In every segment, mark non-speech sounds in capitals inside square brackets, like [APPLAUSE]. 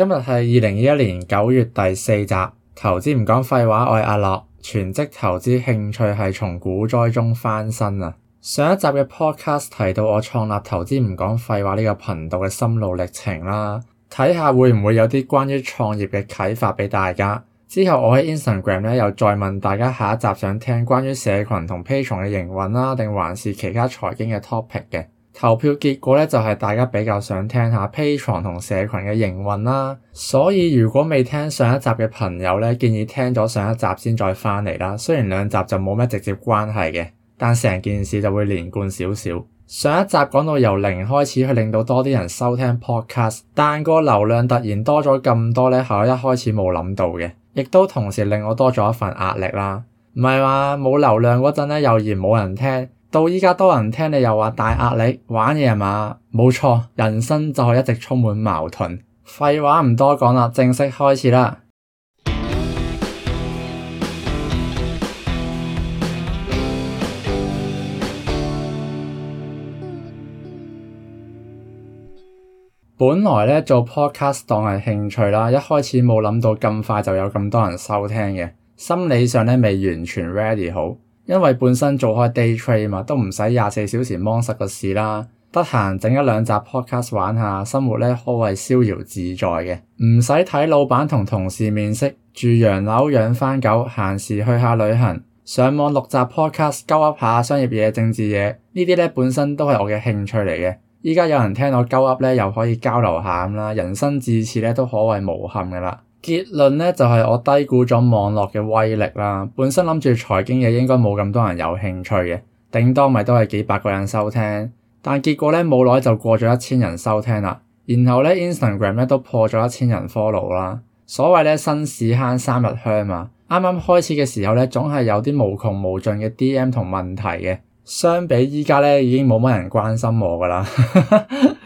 今日係二零二一年九月第四集，投資唔講廢話，我係阿樂，全職投資興趣係從股災中翻身啊！上一集嘅 podcast 提到我創立投資唔講廢話呢個頻道嘅心路歷程啦，睇下會唔會有啲關於創業嘅啟發俾大家。之後我喺 Instagram 又再問大家下一集想聽關於社群同 Patreon 嘅營運啦，定還是其他財經嘅 topic 嘅？投票結果咧就係大家比較想聽下 Patreon 同社群嘅營運啦，所以如果未聽上一集嘅朋友咧，建議聽咗上一集先再翻嚟啦。雖然兩集就冇咩直接關係嘅，但成件事就會連貫少少。上一集講到由零開始去令到多啲人收聽 Podcast，但個流量突然多咗咁多咧，係我一開始冇諗到嘅，亦都同時令我多咗一份壓力啦。唔係話冇流量嗰陣咧，又嫌冇人聽。到依家多人聽你又話大壓力玩嘢嘛？冇錯，人生就係一直充滿矛盾。廢話唔多講啦，正式開始啦。 [MUSIC] 本來咧做 podcast 當係興趣啦，一開始冇諗到咁快就有咁多人收聽嘅，心理上咧未完全 ready 好。因為本身做開 day trade 嘛，都唔使廿四小時忙實嘅事啦。得閒整一兩集 podcast 玩下，生活咧可謂逍遙自在嘅，唔使睇老闆同同事面色。住洋樓養番狗，閒時去下旅行，上網錄集 podcast 鳩噏下商業嘢、政治嘢，呢啲咧本身都係我嘅興趣嚟嘅。依家有人聽我鳩噏咧，又可以交流下咁啦，人生至此咧都可謂無憾噶啦。結論咧就係、是，我低估咗網絡嘅威力啦。本身諗住財經嘢應該冇咁多人有興趣嘅，頂多咪都係幾百個人收聽。但結果咧冇耐，就過咗一千人收聽啦。然後咧 Instagram 咧都破咗一千人 follow 啦。所謂咧新屎坑三日香啊，啱啱開始嘅時候咧總係有啲無窮無盡嘅 DM 同問題嘅。相比依家咧已經冇乜人關心我噶啦。 [LAUGHS]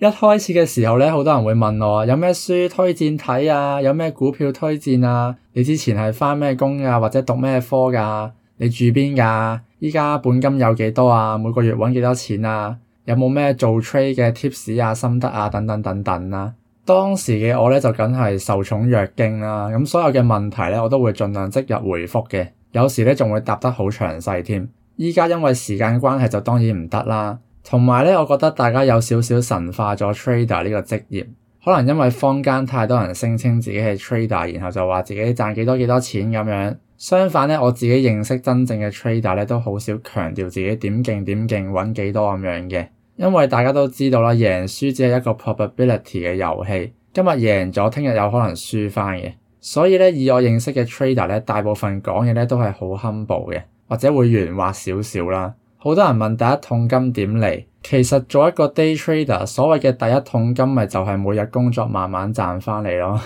一開始嘅時候呢好多人會問我有咩書推薦睇啊，有咩股票推薦啊？你之前係返咩工啊，或者讀咩科㗎？你住邊㗎？依家本金有幾多啊？每個月揾幾多錢啊？有冇咩做 trade 嘅 tips 啊、心得啊等等等等啦、啊？當時嘅我呢，就梗係受寵若驚啦、啊，咁所有嘅問題呢，我都會盡量即日回覆嘅，有時呢，仲會答得好詳細添。依家因為時間關係就當然唔得啦。同埋呢，我覺得大家有少少神化咗 trader 呢個職業，可能因為坊間太多人聲稱自己係 trader，然後就話自己賺幾多幾多錢咁樣。相反呢，我自己認識真正嘅 trader 呢，都好少強調自己點勁點勁揾幾多咁樣嘅，因為大家都知道啦，贏輸只係一個 probability 嘅遊戲，今日贏咗，聽日有可能輸翻嘅。所以呢，以我認識嘅 trader 呢，大部分講嘢呢都係好 humble 嘅，或者會圓滑少少啦。好多人問第一桶金點嚟？其實做一個 day trader，所謂嘅第一桶金咪就係每日工作慢慢賺翻嚟咯。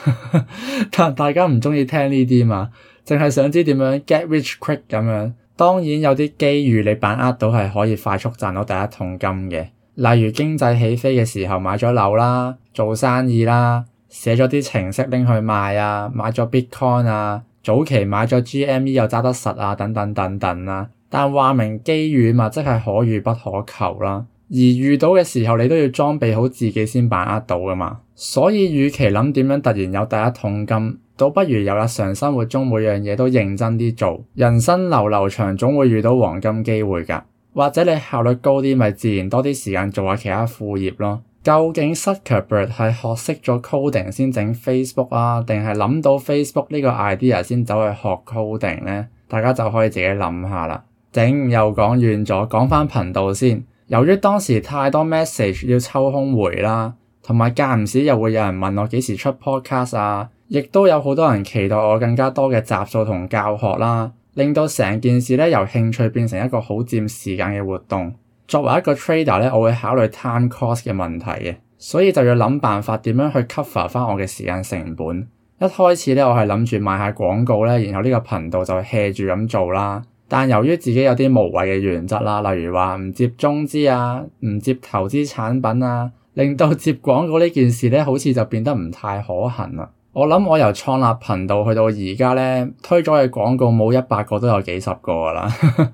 [LAUGHS] 但大家唔鍾意聽呢啲嘛，淨係想知點樣 get rich quick 咁樣。當然有啲機遇你把握到係可以快速賺到第一桶金嘅，例如經濟起飛嘅時候買咗樓啦、做生意啦、寫咗啲程式拎去賣啊、買咗 bitcoin 啊、早期買咗 GME 又揸得實啊等等等等啦。但話明機遇嘛，即係可遇不可求啦。而遇到嘅時候，你都要裝備好自己先把握到噶嘛。所以與其諗點樣突然有第一桶金，倒不如有日常生活中每樣嘢都認真啲做。人生流流長，總會遇到黃金機會噶。或者你效率高啲，咪自然多啲時間做下其他副業咯。究竟 Zuckerberg 係學識咗 coding 先整 Facebook 啊，定係諗到 Facebook 呢個 idea 先走去學 coding 呢？大家就可以自己諗下啦。頂又講遠咗，講返頻道先。由於當時太多 message 要抽空回啦，同埋間唔時又會有人問我幾時出 podcast 啊，亦都有好多人期待我更加多嘅集數同教學啦，令到成件事咧由興趣變成一個好佔時間嘅活動。作為一個 trader 咧，我會考慮 time cost 嘅問題嘅，所以就要諗辦法點樣去 cover 翻我嘅時間成本。一開始咧，我係諗住賣下廣告咧，然後呢個頻道就 hea 住咁做啦。但由於自己有啲無謂嘅原則啦，例如話唔接中資啊，唔接投資產品啊，令到接廣告呢件事呢好似就變得唔太可行啦。我諗我由創立頻道去到而家呢，推咗嘅廣告冇一百個都有幾十個啦。 [LAUGHS]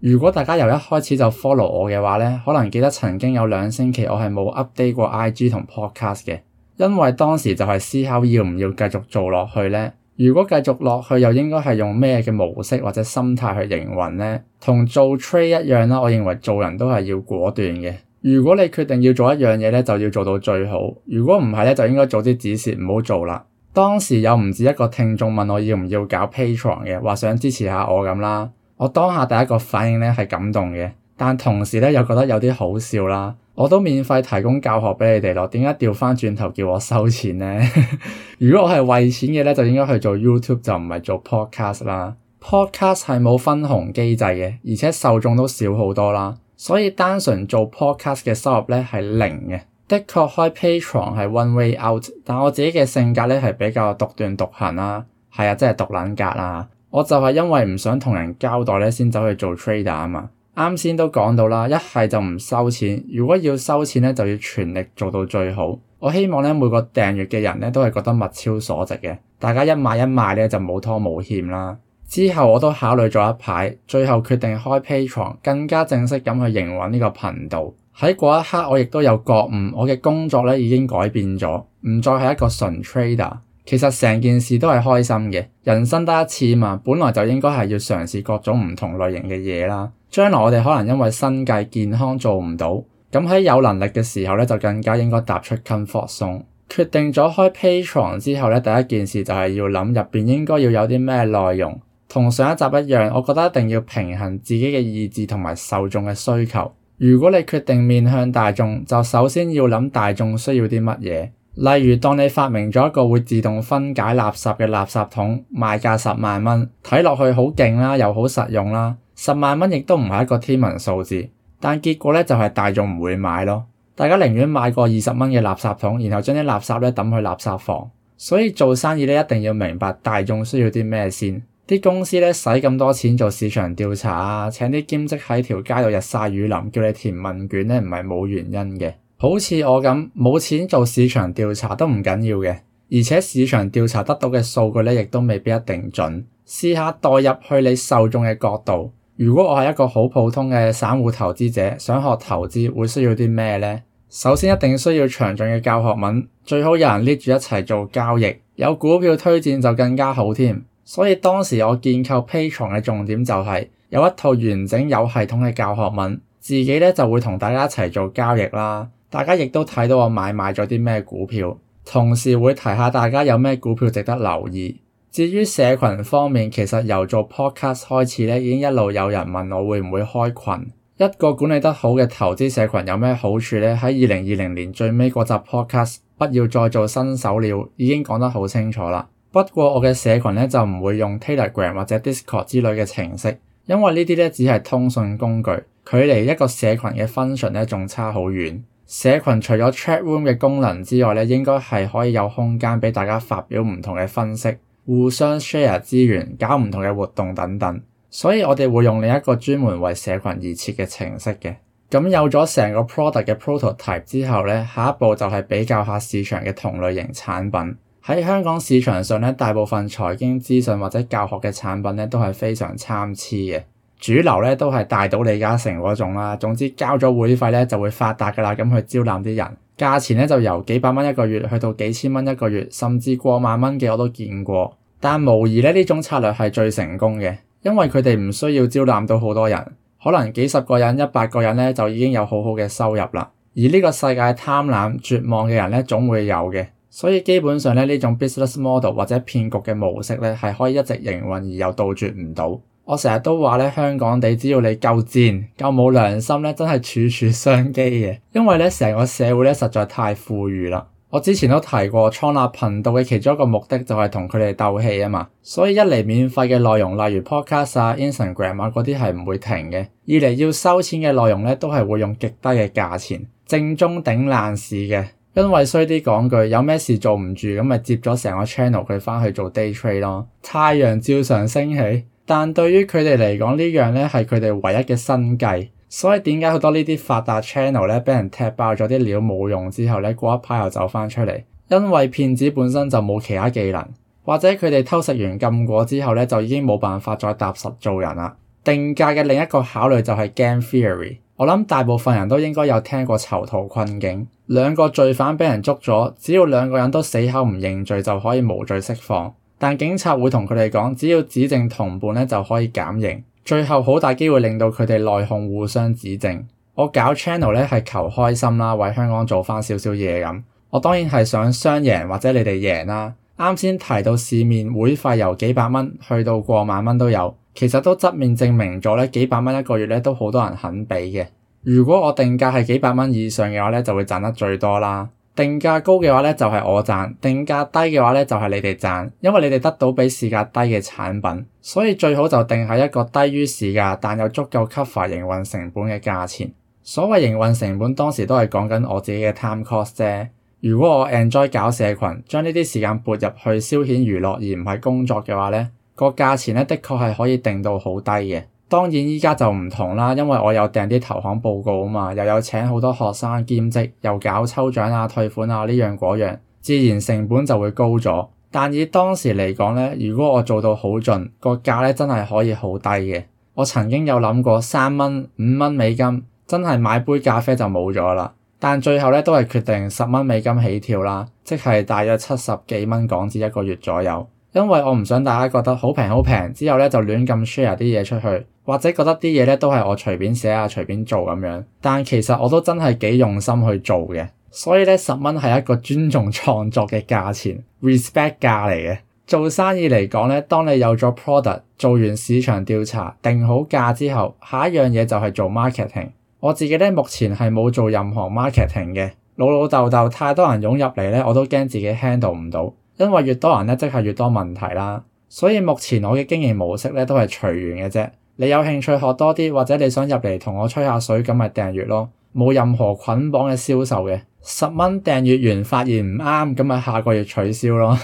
如果大家由一開始就 follow 我嘅話呢，可能記得曾經有兩星期我係冇 update 過 IG 同 podcast 嘅，因為當時就係思考要唔要繼續做落去呢。如果繼續落去，又應該係用咩嘅模式或者心態去營運呢？同做 trade 一樣啦，我認為做人都係要果斷嘅。如果你決定要做一樣嘢咧，就要做到最好。如果唔係咧，就應該早啲止蝕唔好做啦。當時有唔止一個聽眾問我要唔要搞 Patreon 嘅，話想支持下我咁啦。我當下第一個反應咧係感動嘅，但同時咧又覺得有啲好笑啦。我都免費提供教學畀你哋囉，點解調翻轉頭叫我收錢呢？ [LAUGHS] 如果我係為錢嘅咧，就應該去做 YouTube，就唔係做 Podcast 啦。Podcast 係冇分紅機制嘅，而且受眾都少好多啦，所以單純做 Podcast 嘅收入咧係零嘅。的確開 Patreon 係 one way out，但我自己嘅性格咧係比較獨斷獨行啦，係啊，即係獨撚格啊！我就係因為唔想同人交代咧，先走去做 Trader 啊嘛。啱先都講到啦，一係就唔收錢，如果要收錢呢，就要全力做到最好。我希望呢每個訂閲嘅人呢，都係覺得物超所值嘅，大家一買一賣呢，就冇拖冇欠啦。之後我都考慮咗一排，最後決定開 Patreon，更加正式咁去營運呢個頻道。喺嗰一刻，我亦都有覺悟，我嘅工作呢已經改變咗，唔再係一個純 trader。其實成件事都係開心嘅，人生得一次嘛，本來就應該係要嘗試各種唔同類型嘅嘢啦。將來我哋可能因為身體健康做唔到，咁喺有能力嘅時候呢，就更加應該踏出 comfort zone。決定咗開 Patreon 之後呢，第一件事就係要諗入面應該要有啲咩內容。同上一集一樣，我覺得一定要平衡自己嘅意志同埋受眾嘅需求。如果你決定面向大眾，就首先要諗大眾需要啲乜嘢。例如，當你發明咗一個會自動分解垃圾嘅垃圾桶，賣價十萬蚊，睇落去好勁啦，又好實用啦，十萬蚊亦都唔係一個天文數字，但結果咧就係大眾唔會買咯。大家寧願買個二十蚊嘅垃圾桶，然後將啲垃圾咧抌去垃圾房。所以做生意咧一定要明白大眾需要啲咩先。啲公司咧使咁多錢做市場調查啊，請啲兼職喺條街度日曬雨淋，叫你填問卷咧，唔係冇原因嘅。好似我咁冇錢做市場調查都唔緊要嘅，而且市場調查得到嘅數據咧，亦都未必一定準。試下代入去你受眾嘅角度，如果我係一個好普通嘅散戶投資者，想學投資會需要啲咩呢？首先一定需要詳盡嘅教學文，最好有人拎住一齊做交易，有股票推薦就更加好添。所以當時我建構 Patreon 嘅重點就係、是、有一套完整有系統嘅教學文，自己咧就會同大家一齊做交易啦。大家亦都睇到我買買咗啲咩股票，同時會提下大家有咩股票值得留意。至於社群方面，其實由做 podcast 開始咧，已經一路有人問我會唔會開群。一個管理得好嘅投資社群有咩好處呢？喺二零二零年最尾嗰集 podcast，不要再做新手了，已經講得好清楚啦。不過我嘅社群呢，就唔會用 Telegram 或者 Discord 之類嘅程式，因為這些呢啲咧只係通訊工具，距離一個社群嘅 function 咧仲差好遠。社群除咗 chat room 嘅功能之外咧，應該係可以有空間俾大家發表唔同嘅分析，互相 share 資源，搞唔同嘅活動等等。所以我哋會用另一個專門為社群而設嘅程式嘅。咁有咗成個 product 嘅 prototype 之後咧，下一步就係比較下市場嘅同類型產品。喺香港市場上咧，大部分財經資訊或者教學嘅產品咧，都係非常參差嘅。主流咧都係大到李嘉誠嗰種啦，總之交咗會費咧就會發達噶啦，咁去招攬啲人，價錢咧就由幾百蚊一個月去到幾千蚊一個月，甚至過萬蚊嘅我都見過。但無疑咧呢種策略係最成功嘅，因為佢哋唔需要招攬到好多人，可能幾十個人、一百個人咧就已經有好好嘅收入啦。而呢個世界貪婪、絕望嘅人咧總會有嘅，所以基本上咧呢種 business model 或者騙局嘅模式咧係可以一直營運而又杜絕唔到。我成日都話咧，香港地只要你夠賤、夠冇良心咧，真係處處商機嘅。因為咧，成個社會咧實在太富裕啦。我之前都提過，創立頻道嘅其中一個目的就係同佢哋鬥氣啊嘛。所以一嚟免費嘅內容，例如 podcast 啊、Instagram 啊嗰啲係唔會停嘅；二嚟要收錢嘅內容咧，都係會用極低嘅價錢，正宗頂難市嘅。因為衰啲講句，有咩事做唔住咁咪接咗成個 channel 佢翻去做 day trade 咯。太陽照常升起。但對於佢哋嚟講，呢樣咧係佢哋唯一嘅生計，所以點解好多呢啲發達 channel 咧，俾人踢爆咗啲料冇用之後咧，過一排又走翻出嚟？因為騙子本身就冇其他技能，或者佢哋偷食完禁果之後咧，就已經冇辦法再踏實做人啦。定價嘅另一個考慮就係 game theory。我諗大部分人都應該有聽過囚徒困境：兩個罪犯俾人捉咗，只要兩個人都死口唔認罪，就可以無罪釋放。但警察會同佢哋講，只要指證同伴咧，就可以減刑。最後好大機會令到佢哋內訌互相指證。我搞 channel 咧係求開心啦，為香港做翻少少嘢咁。我當然係想雙贏或者你哋贏啦。啱先提到市面會費由幾百蚊去到過萬蚊都有，其實都側面證明咗咧幾百蚊一個月咧都好多人肯俾嘅。如果我定價係幾百蚊以上嘅話咧，就會賺得最多啦。定價高嘅話呢，就係我賺；定價低嘅話呢，就係你哋賺。因為你哋得到比市價低嘅產品，所以最好就定喺一個低於市價，但又足夠 cover 營運成本嘅價錢。所謂營運成本當時都係講緊我自己嘅 time cost 啫。如果我 enjoy 搞社群，將呢啲時間撥入去消遣娛樂而唔係工作嘅話呢，個價錢咧，的確係可以定到好低嘅。當然，而家就唔同啦，因為我有訂啲投行報告啊嘛，又有請好多學生兼職，又搞抽獎啊、退款啊呢樣嗰樣，自然成本就會高咗。但以當時嚟講咧，如果我做到好盡，個價咧真係可以好低嘅。我曾經有諗過三蚊、五蚊美金，真係買杯咖啡就冇咗啦。但最後咧都係決定十蚊美金起跳啦，即係大約七十幾蚊港紙一個月左右。因為我唔想大家覺得好平好平，之後咧就亂咁 share 啲嘢出去，或者覺得啲嘢咧都係我隨便寫啊隨便做咁樣。但其實我都真係幾用心去做嘅。所以咧十蚊係一個尊重創作嘅價錢，respect 價嚟嘅。做生意嚟講咧，當你有咗 product，做完市場調查，定好價之後，下一樣嘢就係做 marketing。我自己咧目前係冇做任何 marketing 嘅。老老豆豆太多人湧入嚟咧，我都驚自己 handle 唔到。因為越多人咧，即係越多問題啦，所以目前我嘅經營模式咧都係隨緣嘅啫。你有興趣學多啲，或者你想入嚟同我吹下水，咁咪訂閱咯。冇任何捆綁嘅銷售嘅，十蚊訂閱完，發現唔啱，咁咪下個月取消咯。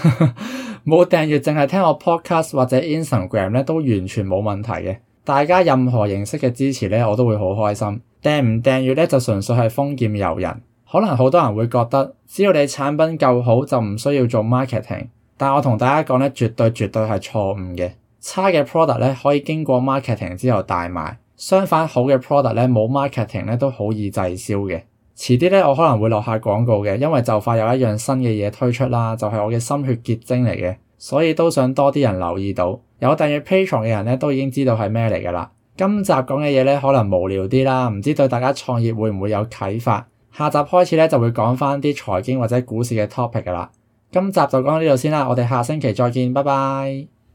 冇訂閱，淨係聽我 podcast 或者 Instagram 咧，都完全冇問題嘅。大家任何形式嘅支持咧，我都會好開心。訂唔訂閱咧，就純粹係豐儉由人。可能好多人會覺得只要你產品夠好就唔需要做 marketing，但我同大家講咧，絕對絕對係錯誤嘅。差嘅 product 咧可以經過 marketing 之後大賣，相反好嘅 product 咧冇 marketing 咧都好易滯銷嘅。遲啲咧我可能會落下廣告嘅，因為就快有一樣新嘅嘢推出啦，就係、是、我嘅心血結晶嚟嘅，所以都想多啲人留意到，有訂閱 Patreon 嘅人咧都已經知道係咩嚟噶啦。今集講嘅嘢咧可能無聊啲啦，唔知對大家創業會唔會有啟發？下集開始咧就會講返啲財經或者股市嘅 topic 㗎喇。今集就講到呢度先喇，我哋下星期再見，拜拜。